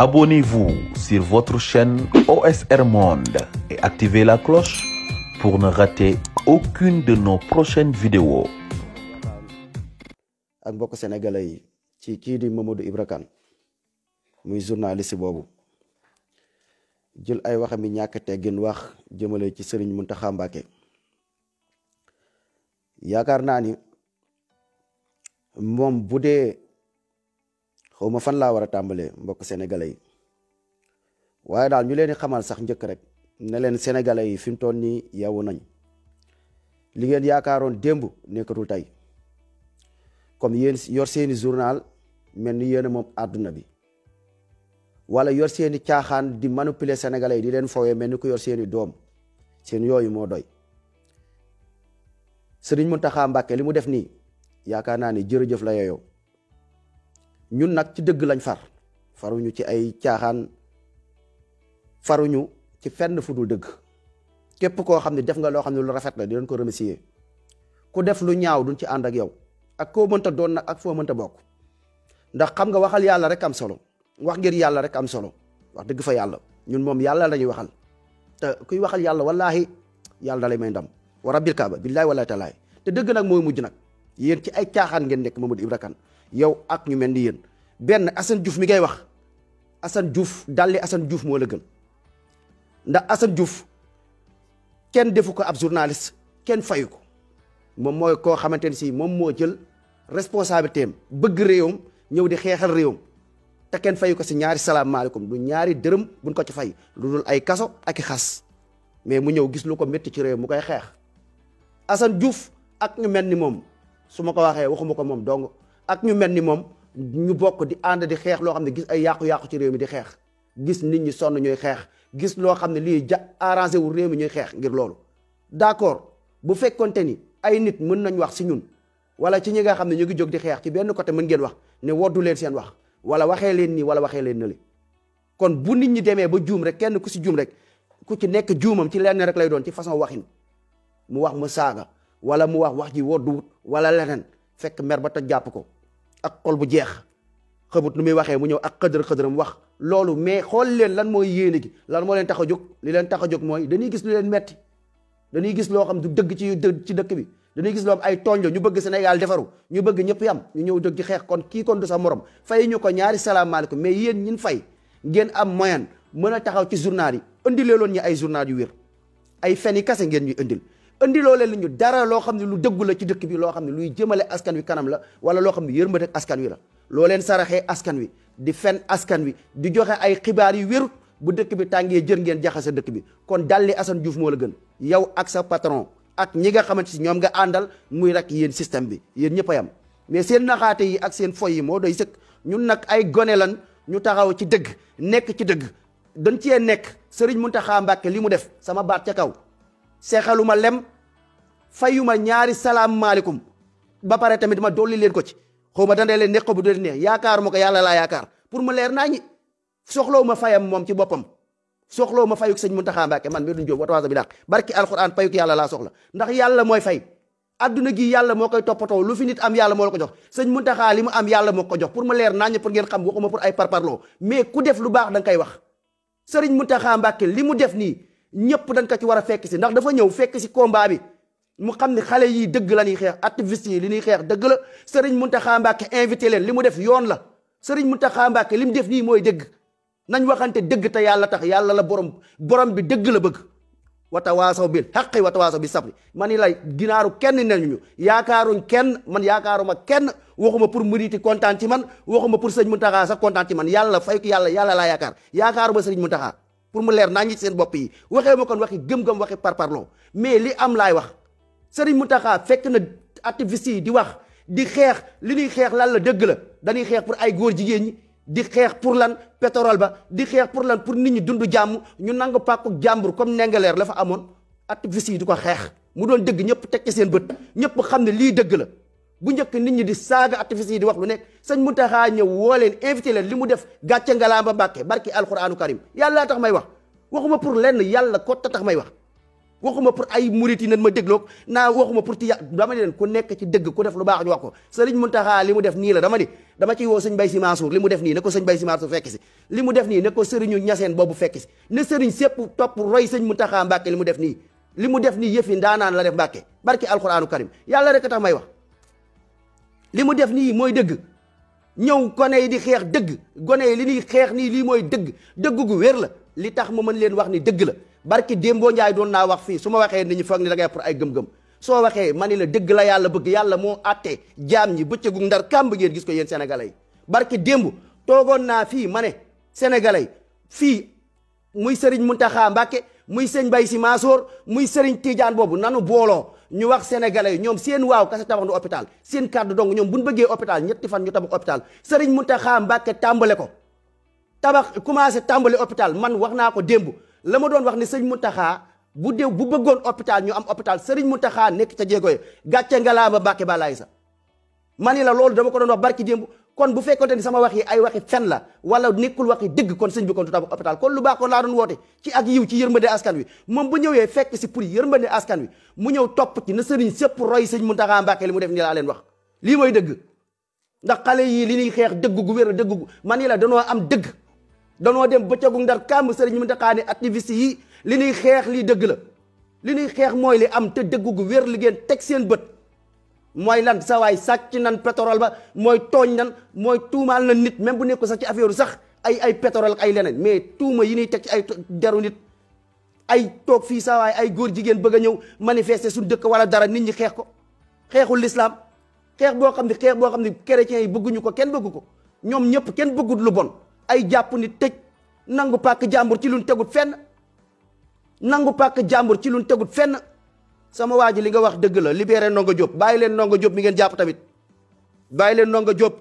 Abonnez-vous sur votre chaîne OSR Monde et activez la cloche pour ne rater aucune de nos prochaines vidéos. ak mbokk sénégalais yi ci kii di Mamadou Ibra Kane muy journaliste boobu jël ay waxam yi ñàkk teggin wax jëmale ci Serigne Mountakha Mbacké yaakaar naa ni moom bu xaw ma fan laa war a tàmbalee mbokk sénégalais yi waaye daal ñu leen di xamal sax njëkk rek ne leen sénégalais yi fi mu toll nii yeewu nañ li ngeen yaakaaroon démb nekkatul tey comme yéen yor seeni journal mel ni yéen a moom àdduna bi walla yor seeni caaxaan di manipuler sénégalais yi di leen fowee mel ni ku yor seeni doom seen yooyu moo doy Sëriñ Mountakha Mbacké li mu def nii yaakaar naa ne jërëjëf la yooyu ñun nag ci dëgg lañ far faruñu ci ay caaxaan faruñu ci fenn fu dul dëgg képp koo xam ne def nga loo xam ne lu rafet la di leen ko remercier ku def lu ñaaw duñ ci ànd ak yow ak koo mënta doon nag ak foo mënta bokk ndax xam nga waxal yàlla rek am solo wax ngir yàlla rek am solo wax dëgg fa yàlla ñun moom yàlla lañuy waxal te kuy waxal yàlla wallaahi yàlla lay may ndam wa rabbil kaaba billaahi wallaahi talaay te dëgg nag mooy mujj nag yéen ci ay caaxaan ngeen nekk Mamadou Ibra yow ak ñu mel ni yéen benn Assane Diouf mi ngay wax Assane Diouf dalli Assane Diouf moo la gën ndax Assane Diouf kenn defu ko ab journaliste kenn fayu ko moom mooy koo xamante ne si moom moo jël responsabilité am bëgg réewam ñëw di xeexal réew te kenn fayu ko si ñaari salaamaaleykum du ñaari dërëm buñ ko ci fay lu dul ay kaso ak i xas mais mu ñëw gis lu ko métti ci réew mu koy xeex Assane Diouf ak ñu mel ni moom su ma ko waxee waxuma ko moom dong ak ñu mel ni moom ñu bokk di ànd di xeex loo xam ne gis ay yàqu-yàqu ci réew mi di xeex gis nit ñi sonn ñuy xeex gis loo xam ne lii ja arrangé wu réew mi ñuy xeex ngir loolu d'accord bu fekkonte ni ay nit mën nañ wax si ñun wala ci ñi nga xam ne ñu ngi jóg di xeex ci benn côté mën ngeen wax ne woddu leen seen wax wala waxee leen nii wala waxee leen na li kon bu nit ñi demee ba juum rek kenn ku si juum rek ku ci nekk juumam ci lenn rek lay doon ci façon waxin mu wax mu saaga wala mu wax wax ji wodduwut wala leneen fekk mer ba toj jàpp ko ak xol bu jeex xamut nu muy waxee mu ñëw ak xëdër mu wax loolu mais xool leen lan mooy yéene gi lan moo leen tax a jóg li leen tax a jóg mooy dañuy gis lu leen metti dañuy gis loo xam du dëgg ci ci dëkk bi dañuy gis loo xam ay tooñ ñu bëgg Sénégal defaru ñu bëgg ñëpp yam ñu ñëw dëgg ci xeex kon kii kon du sa morom fay ñu ko ñaari salaamaaleykum mais yéen ñin fay ngeen am moyen mën a taxaw ci journal yi indilee loon ñu ay journal yu wér ay fen kase ngeen ñuy indil indi loolee la ñu dara loo xam ne lu dëggu la ci dëkk bi loo xam ne luy jëmale askan wi kanam la wala loo xam ne yërmande askan wi la loo leen saraxee askan wi di fen askan wi di joxe ay xibaar yu wérut bu dëkk bi tàngee jër ngeen jaxase dëkk bi kon dalli Assane Diouf moo la gën yow ak sa patron ak ñi nga xamante si ñoom nga àndal muy rek yéen système bi yéen ñëpp a yam mais seen naxaate yi ak seen foy yi moo doy sëkk ñun nag ay gone lan ñu taxaw ci dëgg nekk ci dëgg dañ cee nekk Serigne Mountakha Mbacké li mu def sama baat ca kaw seexaluma lem fayuma ñaari salaamaaleykum ba pare tamit ma dolli leen ko ci xaw ma dandee leen neex ko bu dee neex yaakaaruma ko yàlla laa yaakaar pour mu leer naa ñi soxlawu ma fayam moom ci boppam soxlawu ma fayuk sëñ Muntaxa Mbàkke man mi duñ jóob watawaasa bi daq barki alxuraan fayuk laa soxla ndax yàlla mooy fay adduna gi yàlla moo koy toppatoo lu fi nit yàlla moo la ko jox sëñ Muntaxa li mu am yàlla moo ko pour mu leer naa ñi pour ngeen xam waxuma ay parparloo mais ku def lu baax da nga koy wax sëriñ Muntaxa Mbàkke li mu def nii ñëpp dañ ko ci war a fekk si ndax dafa ñëw fekk si combat bi mu xam ne xale yii dëgg la ñuy xeex activiste yi li ñuy xeex dëgg la Serigne Mountakha Mbacké invité leen li mu def yoon la Serigne Mountakha Mbacké li mu def nii mooy dëgg nañ waxante dëgg te yàlla tax yàlla la borom borom bi dëgg la bëgg bi watawaasaw bil xaqi watawaasaw bi sabri man ni lay ginaaru kenn nañu yaakaaruñ kenn man yaakaaruma kenn waxuma pour muriti kontaan ci man waxuma pour sëñ Mountakha sax kontaan ci man yàlla fay yàlla yàlla laa yaakaar yaakaaruma sëriñ Mountakha pour mu leer naa ñi seen bopp yi waxee ma kon waxi gëm-gëm waxi parparloo mais li am laay wax mu taxaa fekk na activiste yi di wax di xeex li ñuy xeex lan la dëgg la dañuy xeex pour ay góor jigéen ñi di xeex pour lan pétrole ba di xeex pour lan pour nit ñi dund jàmm ñu nangu pàkku jàmbur comme nengaleer la fa amoon activiste yi di ko xeex mu doon dëgg ñëpp teg seen bët ñëpp xam ne lii dëgg la bu njëkk nit ñi di saaga activiste yi di wax lu nekk sëñ Muntaxa ñëw woo leen invité leen li mu def gàcce ngalaama Mbàkke barki alquranu karim yàlla tax may wax waxuma pour lenn yàlla ko tax may wax waxuma pour ay murit yi nan ma dégloog naa waxuma pour tiya dama leen ku nekk ci dëgg ku def lu baax ñu wax ko sëriñ Muntaxa li mu def nii la dama ni dama ciy woo sëñ li mu def nii ne ko sëñ Bay Si Mansour fekk si li mu def nii ne ko sëriñu ñaseen boobu fekk si ne sëriñ sépp topp roy sëñ Muntaxa Mbàkke li mu def nii li mu def nii yëf yi ndaanaan la def Mbàkke barki alquranu yàlla rek tax may wax li mu def nii mooy dëgg ñëw gone yi di xeex dëgg gone yi li ñuy xeex nii lii mooy dëgg dëgg gu wér la li tax ma mën leen wax ni dëgg la barki Dembo Njaay doon naa wax fii su ma waxee ni ñu foog ni da ngay ay gëm-gëm soo waxee ma ni la dëgg la yàlla bëgg yàlla moo àtte jaam ñi bëccëgu ndar kàmb geen gis ko yenn sénégalais yi barki démb toogoon naa fii ma ne sénégalais fii muy Serigne Mountakha Mbacké muy sëñ Bay Si Mansour muy sëriñ Tidiane boobu nanu booloo ñu wax sénégalais yi ñoom seen waaw kase tabax nu hôpital seen kàddu dong ñoom bu ñu bëggee hôpital ñetti fan ñu tabax hôpital Serigne Mountakha Mbacké tàmbale ko tabax commencé tàmbale hôpital man wax naa ko démb la ma doon wax ne sëñ taxaa bu déw bu bëggoon hôpital ñu am hôpital Serigne taxaa nekk ca jéego yi gàcce ngalaama Mbacké Balaye sax man la loolu dama ko doon wax barki démb kon bu fekkonte ni sama wax yi ay waxi fen la wala nekkul waxi dëgg kon sëñ bi kon du tabax hôpital kon lu baax kon laa doon woote ci ak yiw ci yërmande askan wi moom bu ñëwee fekk si pour yërmande askan wi mu ñëw topp ci na sëriñ sëpp roy sëñ Muntaxa Mbàkke li mu def ni laa leen wax lii mooy dëgg ndax xale yii li nuy xeex dëgg gu wér dëgg gu man yi la danoo am dëgg danoo dem bëccëgu ndar kàmm sëriñ Muntaxa ne activiste yi li ñuy xeex lii dëgg la li ñuy xeex mooy li am te dëgg gu wér li ngeen teg seen bët mooy lan sawaay waay nan pétrole ba mooy tooñ nan mooy tuumaal na nit même bu nekk sax ci affaire sax ay ay pétrole ak ay leneen mais tuuma yi ñuy teg ci ay deru nit ay toog fii sawaay ay góor jigéen bëgg a ñëw manifester suñu dëkk wala dara nit ñi xeex ko xeexul lislaam xeex boo xam ne xeex boo xam ne chrétiens yi bëgguñu ko kenn bëggu ko ñoom ñëpp kenn bëggut lu bon ay jàpp ni tëj nangu pàkk jàmbur ci luñ tegut fenn nangu pàkk jàmbur ci luñ tegut fenn sama waa ji li nga wax dëgg la libéré Ndongo Diop bàyyi leen Ndongo Diop bi ngeen jàpp tamit bàyyi leen Ndongo Diop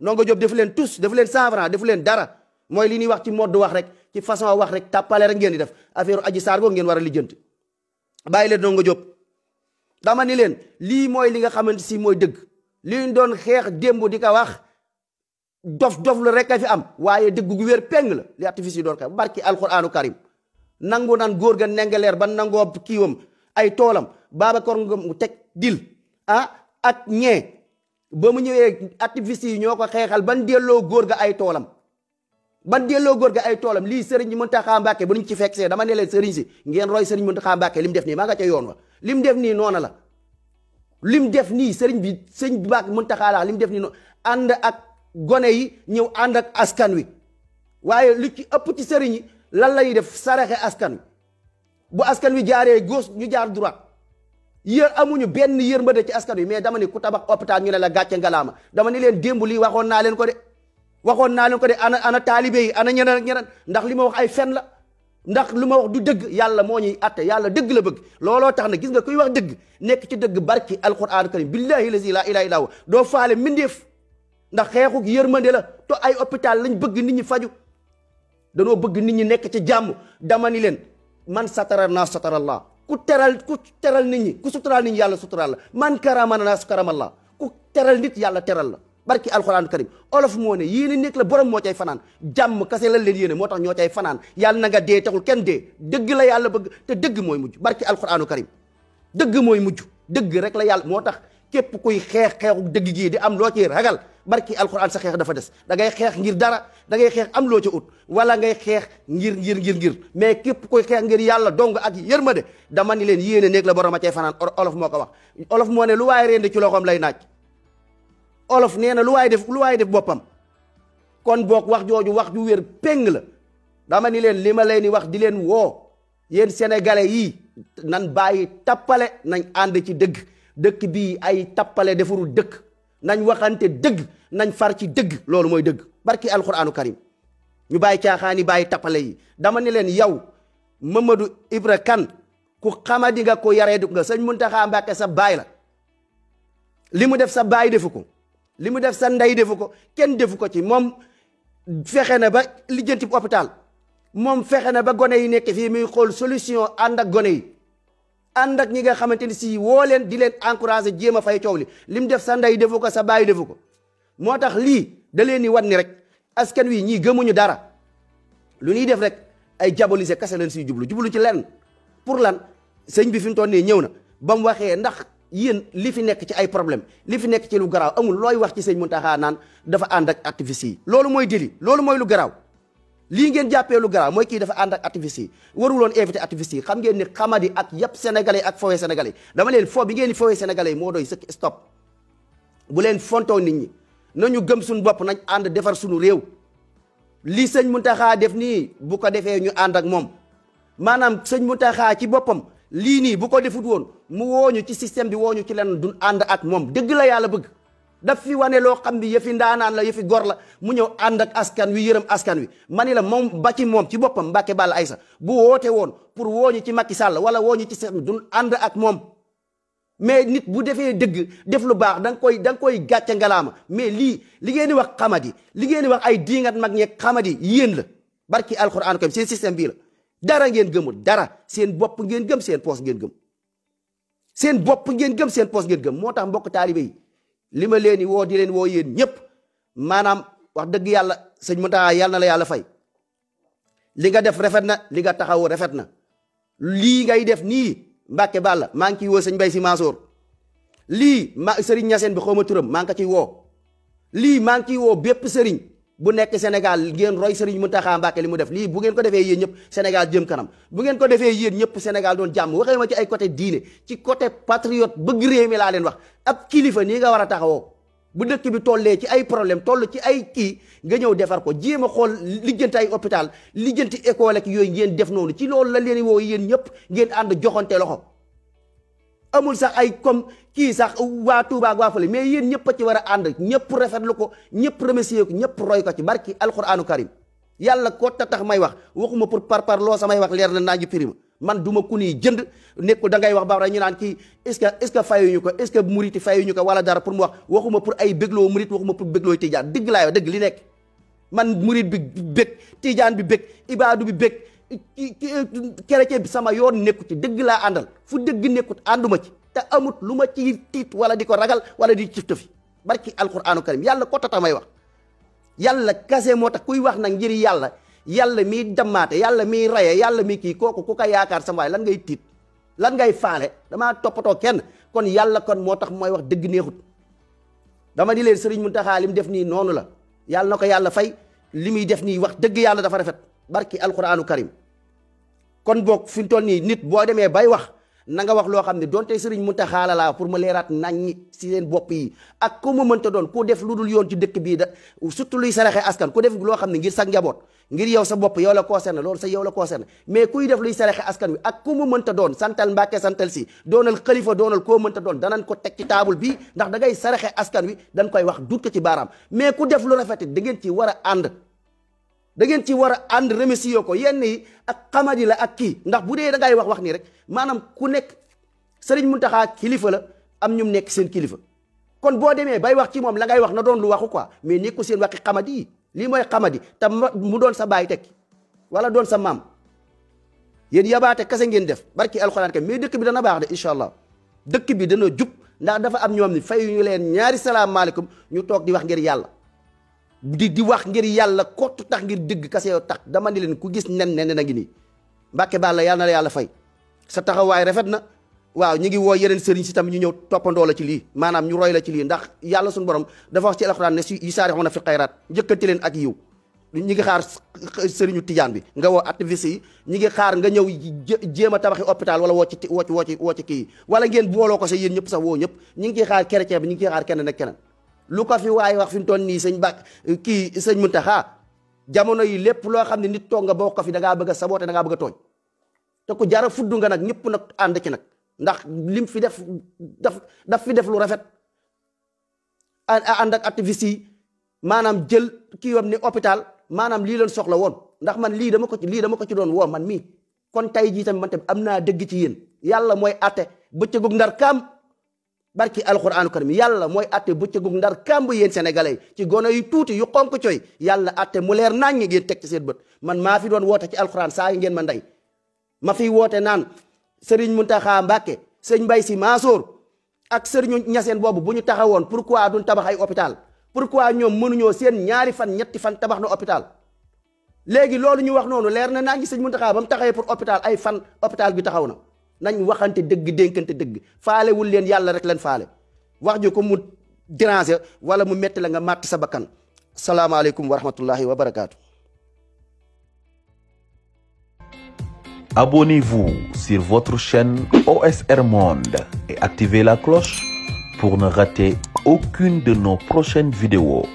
Ndongo Diop defu leen tous defu leen cent francs defu leen dara mooy li ñuy wax ci mode wax rek ci façon wax rek tàppale rek ngeen di def affaire aji saar googu ngeen war a lijjanti bàyyi leen Ndongo Diop dama ni leen lii mooy li nga xamante si mooy dëgg li ñu doon xeex démb di ko wax dof dof lu rek a fi am waaye dëgg gu wér peng la li activiste yi doon xeex barki alquranu karim góor ga nengaleer ba nangoo kiiwam ay toolam kor nga Ngom teg dil ah ak ñee ba mu ñëwee activiste yi ñoo ko xeexal ban delloo góor ga ay toolam ban delloo góor ga ay toolam lii Serigne Mountakha Mbacké bu ñu ci fekk see dama ne leen Serigne si ngeen roy Serigne Mountakha Mbacké li mu def nii nga ca yoon wa li mu def nii noona la li mu def nii Serigne bi sëñ Mbacké Mountakha la li mu def nii noonu ànd ak gone yi ñëw ànd ak askan wi waaye lu ci ëpp ci Serigne yi lan la def saraxe askan wi bu askan wi jaaree gauche ñu jaar droite yër amuñu benn yërmande ci askan wi mais dama ni ku tabax hôpital ñu ne la gàcce ngalaama dama ni leen démb waxoon naa leen ko de waxoon naa leen ko de ana ana taalibe yi ana ñeneen ak ñeneen ndax li ma wax ay fen la ndax lu ma wax du dëgg yàlla moo ñuy atte yàlla dëgg la bëgg looloo tax na gis nga koy wax dëgg nekk ci dëgg barki alquran karim billahi lazi la ilaha illa doo faale mindeef ndax xeexu yërmande la to ay hôpital lañ bëgg nit ñi faju danoo bëgg nit ñi nekk ci jàmm dama ni leen man satara naas satara laa ku teral ku teral nit ñi ku suturaal nit ñi yàlla suturaal la man karama naas karama laa ku teral nit yàlla teral la barki alxuraan karim olof moo ne yéene nekk la borom moo cay fanaan jàmm kase la leen yéene moo tax ñoo cay fanaan yàlla na nga dee taxul kenn dee dëgg la yàlla bëgg te dëgg mooy mujj barki alxuraanu karim dëgg mooy mujj dëgg rek la yàlla moo tax képp kuy xeex xeexu dëgg gii di am loo ci ragal barki alxuraan sa xeex dafa des da ngay xeex ngir dara da ngay xeex am loo ci ut wala ngay xeex ngir ngir ngir ngir mais képp kuy xeex ngir yàlla dong ak de dama ni leen yéene néeg la borom a cay fanaan olof moo ko wax olof moo ne lu waaye rendi ci loxoom lay naaj olof nee na lu waaye def lu waaye def boppam kon boog wax jooju wax ju wér péng la dama ni leen li ma leen di wax di leen woo yéen sénégalais yii nan bàyyi tappale nañ ànd ci dëgg dëkk bii ay tappale defarul dëkk nañ waxante dëgg nañ far ci dëgg loolu mooy dëgg barki alquranu karim ñu bàyyi caaxaan yi bàyyi tappale yi dama ne leen yow Mamadou Ibra Kane ku xamadi nga ko yaree dugg nga sëñ Muntaxa Mbàkke sa baay la li mu def sa baay defu ko li mu def sa ndey defu ko kenn defu ko ci moom fexe na ba lijjanti hôpital moom fexe na ba gone yi nekk fii muy xool solution ànd ak gone yi ànd ak ñi nga xamante ni si woo leen di leen encouragé jéema fay coow li lim def sa ndey defu ko sa baay defu ko moo tax lii da leen di wan ni rek askan wii ñii gëmuñu dara lu ñuy def rek ay diabolisé kase leen siy jublu jublu ci lenn pour lan sëñ bi fi mu toll nii ñëw na ba mu waxee ndax yéen li fi nekk ci ay problème li fi nekk ci lu garaaw amul looy wax ci sëñ Muntaxa naan dafa ànd ak activiste yi loolu mooy déli loolu mooy lu garaaw lii ngeen jàppee lu garaaw mooy kii dafa ànd ak activiste yi waruloon invité activiste yi xam ngeen ni xamadi ak yëpp sénégalais ak fowee sénégalais dama leen fo bi ngeen di fowee sénégalais moo doy sëkk stop bu leen fontoo nit ñi nañu gëm suñu bopp nañ ànd defar suñu réew lii sëñ Muntaxa def nii bu ko defee ñu ànd ak moom maanaam sëñ Muntaxa ci boppam lii nii bu ko defut woon mu wooñu ci système bi wooñu ci leen du ànd ak moom dëgg la yàlla bëgg daf fi wane loo xam ni yëfi ndaanaan la yëfi gor la mu ñëw ànd ak askan wi yërëm askan wi ma ni la moom ba ci moom ci boppam Mbàkke Balla Aysa bu woote woon pour woo ñu ci Macky Sall wala woo ñu ci seen dun ànd ak moom mais nit bu defee dëgg def lu baax da koy da nga koy gàcce ngalaama mais lii li ngeen di wax xamadi li ngeen di ay diingat mag ñeeg xamadi yéen la barki alxuraan ko seen système bii la dara ngeen gëmul dara seen bopp ngeen gëm seen poos ngeen gëm seen bopp ngeen gëm seen poos ngeen gëm moo tax mbokk taalibe yi li ma leen di woo di leen woo yéen ñëpp maanaam wax dëgg yàlla sëñ Mountakha yàlla la yàlla fay li nga def rafet na li nga taxaw rafet na lii ngay def nii Mbàkke Bàlla maa ngi ciy woo sëñ Bay Si Mansour lii ma sëriñ Ñaseen bi xaw ma turam maa ngi ko ciy woo lii maa ngi ciy woo bépp sëriñ bu nekk Sénégal ngeen roy Serigne Mountakha Mbacké li mu def lii bu ngeen ko defee yéen ñëpp Sénégal jëm kanam bu ngeen ko defee yéen ñëpp Sénégal doon jàmm waxee ma ci ay côté diine ci côté patriote bëgg réew mi laa leen wax ab kilifa nii nga war a taxawoo bu dëkk bi tollee ci ay problème toll ci ay kii nga ñëw defar ko jéem a xool lijjanti ay hôpital lijjanti école ak yooyu ngeen def noonu ci loolu la leen woo yéen ñëpp ngeen ànd joxante loxo amul sax ay comme kii sax waa Touba ak waa fële mais yéen ñëpp ci war a ànd ñëpp rafetlu ko ñëpp remercier ko ñëpp roy ko ci barki alquranu karim yàlla ko ta tax may wax waxuma pour par par loo samay wax leer na naa ji prima man duma ku nii jënd nekkul da ngay wax ba ñu naan kii est-ce que est-ce que fayuñu ko est-ce que muriti ko wala dara pour mu wax waxuma pour ay bégloo murit waxuma pour bégloo tijaan dëgg laay wax dëgg li nekk man murit bi bég tijaan bi bég ibaadu bi bég chrétien bi sama yoon nekku ci dëgg laa àndal fu dëgg nekkut ànduma ci te amut lu ma ci tiit wala di ko ragal wala di cif tafi barki alquranu karim yàlla ko tax may wax yàlla kase moo tax kuy wax nag ngir yàlla yàlla miy dammaate yàlla miy raye yàlla mi kii kooku ku yaakaar sama waay lan tiit lan ngay faale damaa toppatoo kenn kon yàlla kon moo tax mooy wax dëgg neexut dama di leen sëriñ Muntaxa lim def nii noonu la yàlla na ko yàlla fay li muy def nii wax dëgg yàlla dafa rafet barki alquranu karim kon boog fi mu toll nii nit boo demee bay wax na nga wax loo xam ne donte sëriñ Muntaxa la laa pour ma leeraat naññi si seen bopp yi ak ku mu mënta doon ku def lu dul yoon ci dëkk bii da surtout luy saraxe askan ku def loo xam ne ngir sa njaboot ngir yow sa bopp yow la concerne loolu sa yow la concerne mais kuy def luy saraxe askan wi ak ku mu mënta doon santal Mbàkke santal si doonal xalifa doonal koo mënta doon danañ ko teg ci taabul bii ndax dangay ngay saraxe askan wi dañ koy wax dut ko ci baaraam mais ku def lu rafet da ngeen ci war a ànd da ngeen ci war a ànd yoo ko yenn yi ak xamadi la ak kii ndax bu dee dangay wax wax nii rek maanaam ku nekk sëriñ mun Muntaxa kilifa la am ñum nekk seen kilifa kon boo demee bay wax ci moom la ngay wax na doon lu waxu quoi mais nekku seen wax xamadi yi lii mooy xamadi te mu doon sa baay tekki wala doon sa maam yéen yabaate kase ngeen def barki alxuraan ka mais dëkk bi dana baax de incha allah dëkk bi dana jub ndax dafa am ñoom ni fay ñu leen ñaari salaamaaleykum ñu toog di wax ngir yàlla di di wax ngir yàlla kottu tax ngir dëgg kase yoo tax dama ni leen ku gis nen nen na ngi nii mbàkke baal la yàlla na yàlla fay sa taxawaay rafet na waaw ñu ngi woo yeneen sëriñ si tamit ñu ñëw toppandoo la ci lii maanaam ñu roy la ci lii ndax yàlla suñ borom dafa wax ci alxuraan ne si na fi xayraat njëkkante leen ak yiw ñi ngi xaar sëriñu tijaan bi nga woo activiste yi ñu ngi xaar nga ñëw jéem a tabaxi hôpital wala woo ci woo ci woo ci kii yi wala ngeen booloo ko sa yéen ñëpp sax woo ñëpp ñu ngi ciy xaar chrétien bi ñu ngi ciy xaar kenn lu ko fi waaye wax fi mu toll nii sëñ Bàkk kii sëñ Muntaxa jamono yi lépp loo xam ne nit toog nga boo ko fi da bëgg a saboote da ngaa bëgg a tooñ te ku jara fudd nga nag ñëpp nag ànd ci nag ndax lim fi def daf daf fi def lu rafet ànd ak activiste maanaam jël kii wam ni hôpital maanaam lii leen soxla woon ndax man lii dama ko ci lii dama ko ci doon woo man mii kon tey jii tamit man tamit am naa dëgg ci yéen yàlla mooy àtte bëccëgug ndar kaam barki alquranu karim yàlla mooy atte bëccëgu ndar kàmb yéen sénégalais ci gono yu tuuti yu xonk coy yàlla atte mu leer naañ ngeen teg ci seen bët man maa fi doon woote ci alquran saa yi ngeen ma ndey ma fi woote naan sëriñ Muntaxa mbake sëñ Mbay Si Mansour ak sëriñu ñaseen boobu bu ñu taxawoon pourquoi duñ tabax ay hôpital pourquoi ñoom mënuñoo seen ñaari fan ñetti fan tabax nu hôpital léegi loolu ñu wax noonu leer na naa ngi sëñ Muntaxa ba mu taxawee pour hôpital ay fan hôpital bi taxaw na nañ waxante dëgg dénkante dëgg faalewul leen yàlla rek leen faale wax ju ko mu déranger wala mu metti la nga màtt sa bakkan salaamaaleykum wa rahmatullahi wa barakaatu. Abonnez-vous sur votre chaîne OSR Monde et activez la cloche pour ne rater aucune de nos prochaines vidéos.